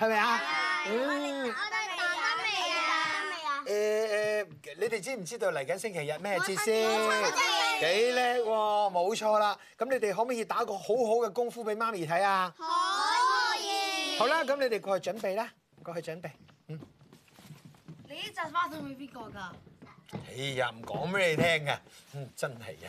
係咪啊？我都嚟啦！嚟啦！誒誒，你哋知唔知道嚟緊星期日咩節先？幾叻喎！冇錯啦。咁你哋可唔可以打個好好嘅功夫俾媽咪睇啊？可以。好啦，咁你哋過去準備啦，過去準備。嗯。你呢扎花送俾邊個㗎？哎呀，唔講俾你聽㗎，真係嘅。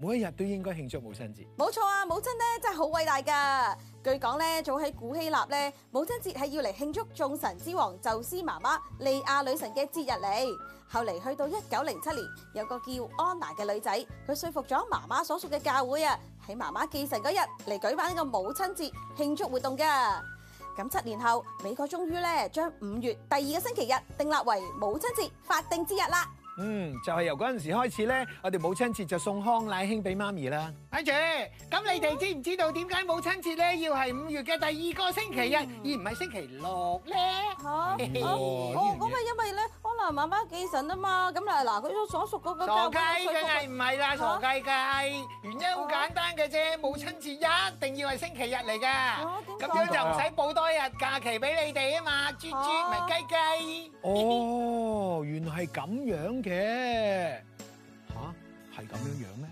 每一日都應該慶祝母親節，冇錯啊！母親咧真係好偉大噶。據講咧，早喺古希臘咧，母親節係要嚟慶祝眾神之王宙斯媽媽利亞女神嘅節日嚟。後嚟去到一九零七年，有個叫安娜嘅女仔，佢說服咗媽媽所屬嘅教會啊，喺媽媽忌辰嗰日嚟舉辦呢個母親節慶祝活動噶。咁七年後，美國終於咧將五月第二個星期日定立為母親節法定節日啦。嗯，就係由嗰陣時開始咧，我哋母親節就送康乃馨俾媽咪啦。睇住，咁你哋知唔知道點解母親節咧要係五月嘅第二個星期日，而唔係星期六咧？吓，咁咪係因為咧，可能媽媽幾神啊嘛。咁啊，嗱，佢都所屬嗰個傻雞梗係唔係啦，傻雞雞，原因好簡單嘅啫，母親節一定要係星期日嚟㗎。咁樣就唔使補多一日假期俾你哋啊嘛，豬豬咪雞雞。哦。原來係咁樣嘅吓？係咁樣樣咩？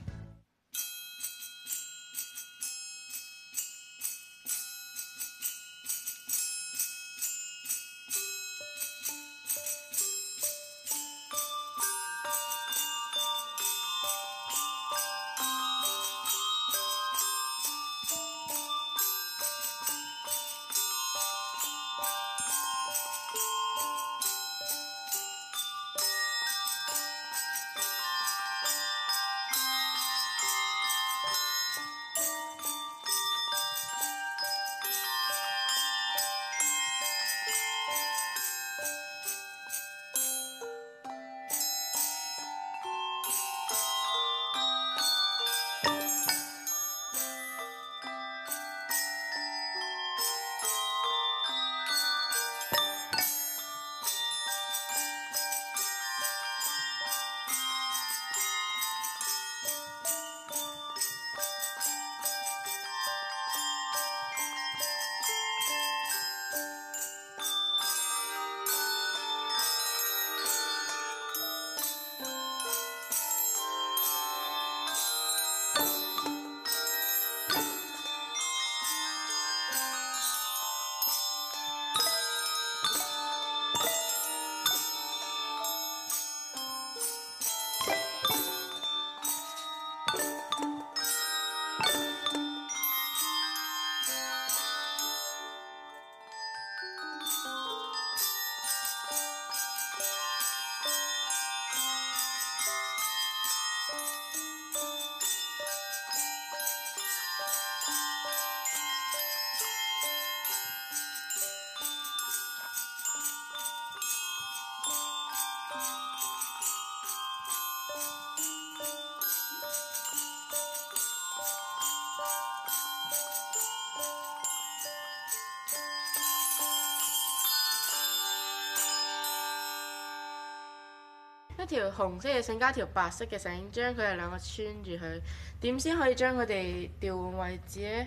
條紅色嘅繩加條白色嘅繩，將佢哋兩個穿住佢，點先可以將佢哋調換位置呢？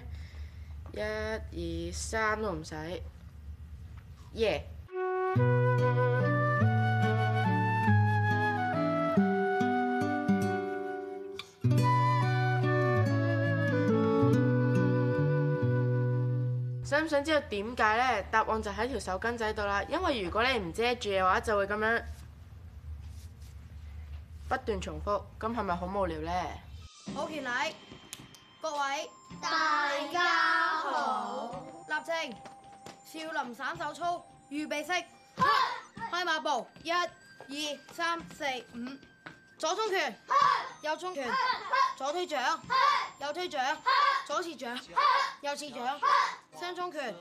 一、二、三都唔使，耶！想唔想知道點解呢？答案就喺條手巾仔度啦。因為如果你唔遮住嘅話，就會咁樣。不斷重複，咁係咪好無聊咧？好，拳禮，各位大家好，立正，少林散手操，預備式，開馬步，一、二、三、四、五，左沖拳，右沖拳，左推掌，右推掌，左刺掌，右刺掌，雙沖拳，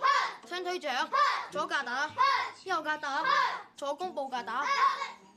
雙推掌，左格打，右格打，左弓步格打。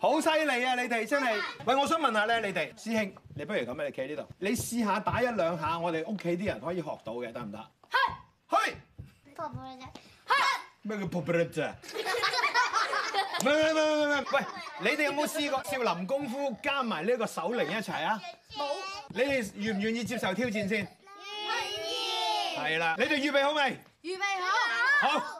好犀利啊！你哋真係，喂，我想問下咧，你哋師兄，你不如咁啊，你企呢度，你試下打一兩下，我哋屋企啲人可以學到嘅，得唔得？去去。婆婆咧咋？去。咩叫婆婆咧咋？喂！你哋有冇試過少林功夫加埋呢個手鈴一齊啊？冇。你哋願唔願意接受挑戰先？願意。係啦，啊嗯嗯啊，你哋預備好未？預備好。好。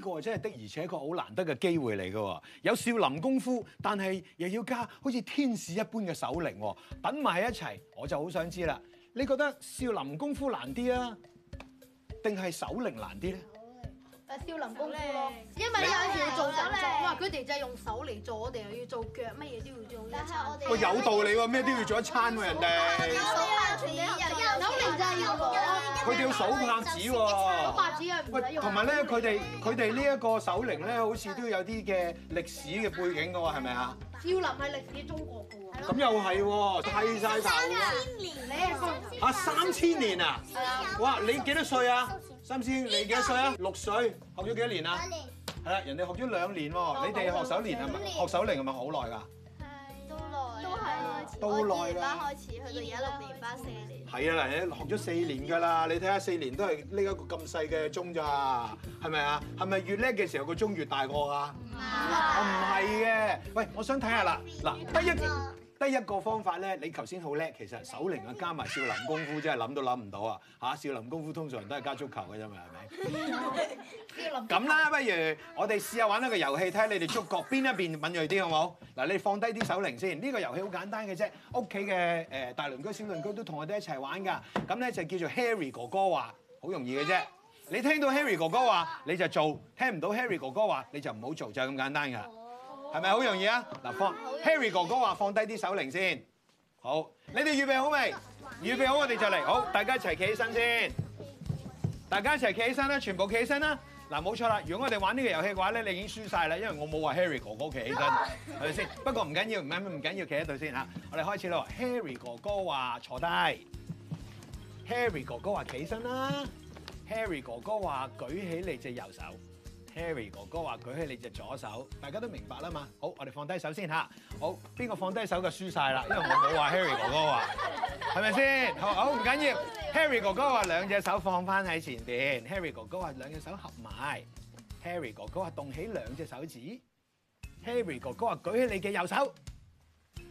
呢個真係的而且確好難得嘅機會嚟㗎喎，有少林功夫，但係又要加好似天使一般嘅手靈，品埋一齊，我就好想知啦！你覺得少林功夫難啲啊，定係手靈難啲咧？誒，少林功夫咯，因為有時要做手，我話佢哋就係用手嚟做，我哋又要做腳，乜嘢都要做一餐。喂，有道理喎，咩都要做一餐喎人哋。數拍子，守零就係要攞，佢哋要數拍子喎。喂，同埋咧，佢哋佢哋呢一個守零咧，好似都要有啲嘅歷史嘅背景嘅喎，係咪啊？少林係歷史中國嘅喎。咁又係喎，曬曬曬。三千年咧。嚇，三千年啊！哇，你幾多歲啊？啱先，你幾多歲啊？六歲，學咗幾多年啊？兩年，係啦，人哋學咗兩年喎。你哋學首年係咪？學首齡係咪好耐㗎？係都耐，都係啦，我二年班開始，去到而家六年班四年。係啊，嗱，學咗四年㗎啦。你睇下四年都係呢一個咁細嘅鐘咋，係咪啊？係咪越叻嘅時候個鐘越大個啊？我唔係嘅，喂，我想睇下啦，嗱，第一。得一個方法咧，你頭先好叻，其實手靈啊，加埋少林功夫真係諗都諗唔到啊！嚇，少林功夫通常都係加足球嘅啫嘛，係咪？咁 啦，不如我哋試下玩一個遊戲，睇下你哋觸覺邊一邊敏銳啲好冇？嗱，你放低啲手靈先，呢、呢個遊戲好簡單嘅啫。屋企嘅誒大鄰居、小鄰居都同我哋一齊玩㗎。咁咧就叫做 Harry 哥哥話，好容易嘅啫。你聽到 Harry 哥哥話你就做，聽唔到 Harry 哥哥話你就唔好做，就係咁簡單㗎。係咪好容易啊？嗱，Harry 哥哥話放低啲手鈴先，好，你哋預備好未？預備好我哋就嚟，好，大家一齊企起身先，大家一齊企起身啦，全部企起身啦，嗱，冇錯啦，如果我哋玩呢個遊戲嘅話咧，你已經輸曬啦，因為我冇話 Harry 哥哥企起身，係咪先？不過唔緊要，唔緊唔緊要，企喺度先嚇，我哋開始啦，Harry 哥哥話坐低，Harry 哥哥話企起身啦，Harry 哥哥話舉起你隻右手。Harry 哥哥話舉起你隻左手，大家都明白啦嘛。好，我哋放低手先吓。好，邊個放低手就輸晒啦，因為我冇話 Harry 哥哥話，係咪先？好好唔緊要。Harry 哥哥話兩隻手放翻喺前邊。Harry 哥哥話兩隻手合埋。Harry 哥哥話動起兩隻手指。Harry 哥哥話舉起你嘅右手，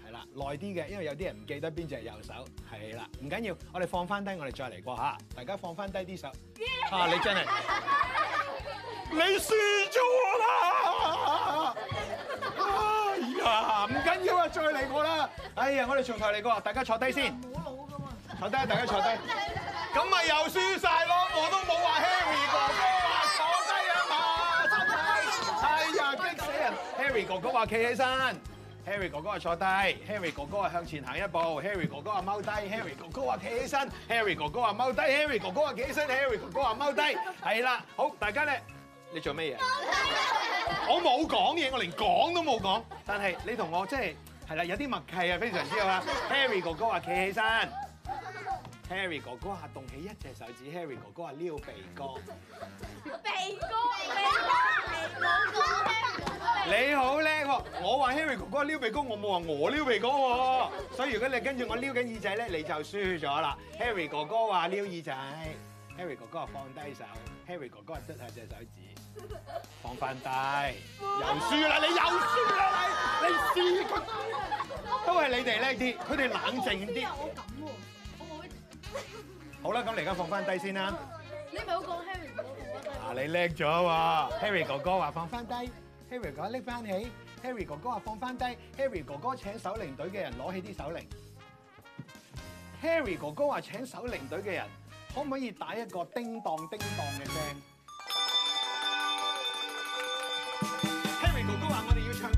係啦，耐啲嘅，因為有啲人唔記得邊隻右手。係啦，唔緊要，我哋放翻低，我哋再嚟過吓。大家放翻低啲手，啊，你真係。你輸咗我啦！哎呀，唔緊要啊，再嚟過啦！哎呀，我哋從頭嚟過，大家坐低先。冇腦噶嘛！坐低，大家坐低。咁咪又輸晒咯！我都冇話 Harry 哥哥話坐低啊嘛！真係，哎呀，激死人！Harry 哥哥話企起身，Harry 哥哥話坐低，Harry 哥哥話向前行一步，Harry 哥哥話踎低，Harry 哥哥話企起身，Harry 哥哥話踎低，Harry 哥哥話企起身，Harry 哥哥話踎低。係啦，好，大家咧。你做咩嘢？我冇講嘢，我冇講嘢，我連講都冇講。但係你同我即係係啦，有啲默契啊，非常之好啊。Harry 哥哥話企起身，Harry 哥哥話動起一隻手指，Harry 哥哥話撩鼻哥，鼻哥鼻哥，冇講㗎。你好叻喎！我話 Harry 哥哥撩鼻哥，我冇話我撩鼻哥喎。所以如果你跟住我撩緊耳仔咧，你就輸咗啦。Harry 哥哥話撩耳仔，Harry 哥哥話放低手，Harry 哥哥話得下隻手指。放翻低，又輸啦！你又輸啦！你你試過都係你哋叻啲，佢哋冷靜啲。我咁喎，我冇。好啦，咁你而家放翻低先啦。你咪好講 Harry 哥哥啊？啊，你叻咗喎！Harry 哥哥話放翻低，Harry 哥哥拎翻起，Harry 哥哥話放翻低，Harry 哥哥請守靈隊嘅人攞起啲手鈴。Harry 哥哥話請守靈隊嘅人，可唔可以打一個叮當叮當嘅聲？